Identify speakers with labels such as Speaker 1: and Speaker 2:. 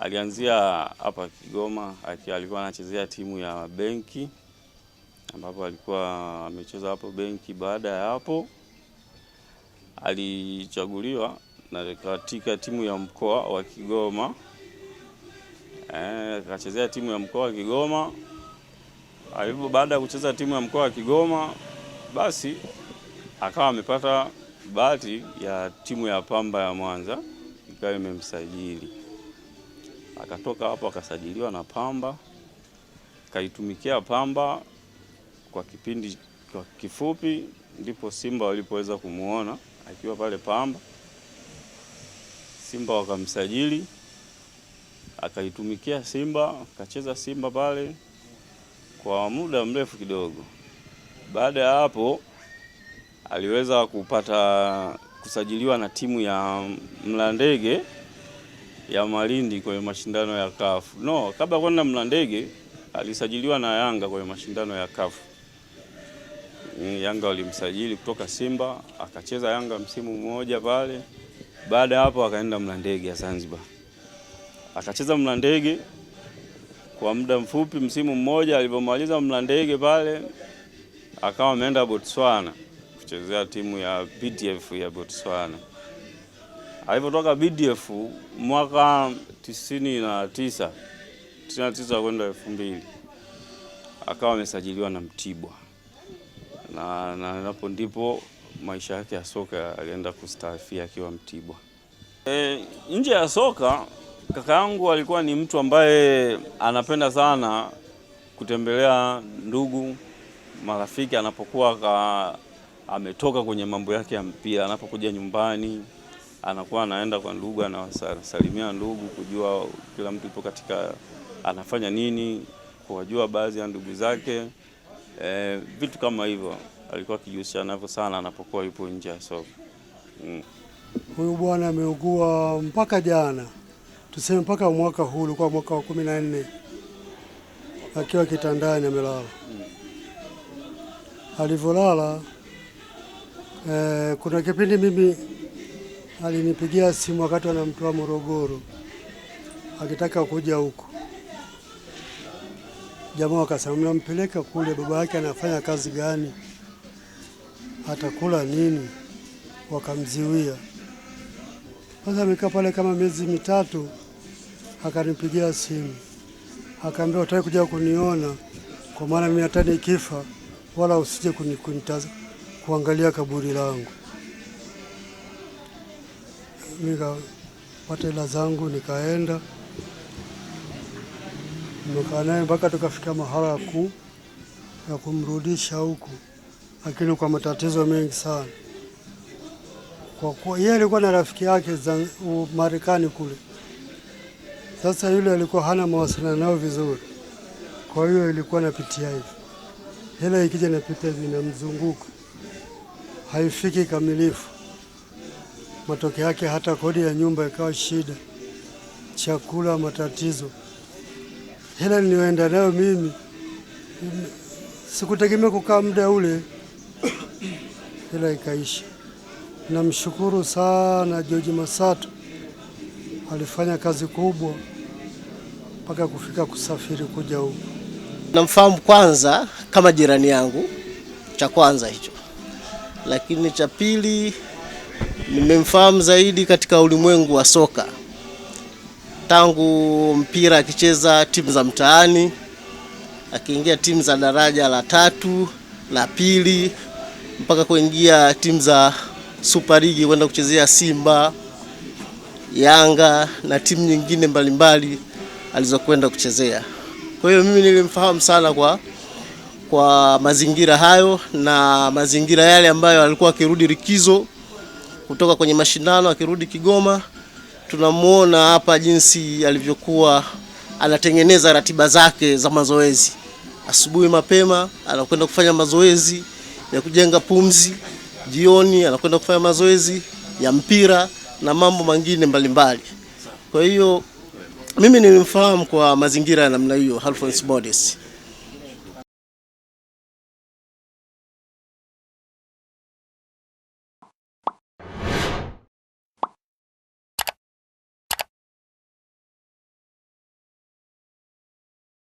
Speaker 1: Alianzia hapa Kigoma, alikuwa anachezea timu ya benki ambapo alikuwa amecheza hapo benki. Baada ya hapo alichaguliwa na katika timu ya mkoa wa Kigoma eh, akachezea e, timu ya mkoa wa Kigoma. Alipo baada ya kucheza timu ya mkoa wa Kigoma, basi akawa amepata bahati ya timu ya Pamba ya Mwanza ikawa imemsajili Akatoka hapo akasajiliwa na Pamba, kaitumikia Pamba kwa kipindi kwa kifupi, ndipo Simba walipoweza kumuona akiwa pale Pamba. Simba wakamsajili, akaitumikia Simba, akacheza Simba pale kwa muda mrefu kidogo. Baada ya hapo aliweza kupata kusajiliwa na timu ya Mlandege ya Malindi kwenye mashindano ya CAF. No, kabla kwenda Mlandege alisajiliwa na Yanga kwenye mashindano ya CAF. Mm, Yanga walimsajili kutoka Simba, akacheza Yanga msimu mmoja pale. Baada ya hapo akaenda Mlandege ya Zanzibar. Akacheza Mlandege kwa muda mfupi msimu mmoja, alipomaliza Mlandege pale akawa ameenda Botswana kuchezea timu ya PTF ya Botswana alivyotoka BDF mwaka tisini na tisa tisini na tisa kwenda elfu mbili akawa amesajiliwa na Mtibwa na napo na, ndipo maisha yake ya soka alienda kustaafia akiwa Mtibwa. E, nje ya soka kaka yangu alikuwa ni mtu ambaye anapenda sana kutembelea ndugu marafiki, anapokuwa ametoka kwenye mambo yake ya mpira, anapokuja nyumbani anakuwa anaenda kwa ndugu, anawasalimia ndugu, kujua kila mtu yupo katika anafanya nini, kuwajua baadhi ya ndugu zake e, vitu kama hivyo alikuwa akijihusisha navyo sana anapokuwa yupo nje ya soko
Speaker 2: mm. Huyu bwana ameugua mpaka jana, tuseme mpaka mwaka huu ulikuwa mwaka wa kumi na nne akiwa kitandani amelala mm. Alivyolala e, kuna kipindi mimi alinipigia simu wakati anamtoa Morogoro akitaka kuja huko. Jamaa akasema mnampeleka kule, baba yake anafanya kazi gani? Atakula nini? Wakamziwia. Sasa amekaa pale kama miezi mitatu, akanipigia simu akaambia, utaki kuja kuniona kwa maana mimi hata nikifa wala usije kunitaza kuangalia kaburi langu nikapata hela zangu nikaenda nimekaa naye mpaka tukafika mahala ku ya kumrudisha huku, lakini kwa matatizo mengi sana, kwa kuwa yeye alikuwa na rafiki yake za Marekani kule. Sasa yule alikuwa hana mawasiliano nao vizuri, kwa hiyo ilikuwa napitia hivi, hela ikija napita hivi, namzunguka haifiki kamilifu matokeo yake hata kodi ya nyumba ikawa shida, chakula matatizo. Hela niliyoenda nayo mimi sikutegemea kukaa muda ule, hela ikaisha. Namshukuru sana George Masato, alifanya kazi kubwa mpaka kufika kusafiri kuja huku.
Speaker 3: Namfahamu kwanza kama jirani yangu, cha kwanza hicho, lakini cha pili Nimemfahamu zaidi katika ulimwengu wa soka tangu mpira akicheza timu za mtaani, akiingia timu za daraja la tatu la pili, mpaka kuingia timu za Super League kwenda kuchezea Simba, Yanga na timu nyingine mbalimbali alizokwenda kuchezea. Kwa hiyo mimi nilimfahamu sana kwa kwa mazingira hayo na mazingira yale ambayo alikuwa akirudi likizo kutoka kwenye mashindano akirudi Kigoma, tunamwona hapa jinsi alivyokuwa anatengeneza ratiba zake za mazoezi. Asubuhi mapema anakwenda kufanya mazoezi ya kujenga pumzi, jioni anakwenda kufanya mazoezi ya mpira na mambo mengine mbalimbali. Kwa hiyo mimi nilimfahamu kwa mazingira ya namna hiyo Alphonce Modest.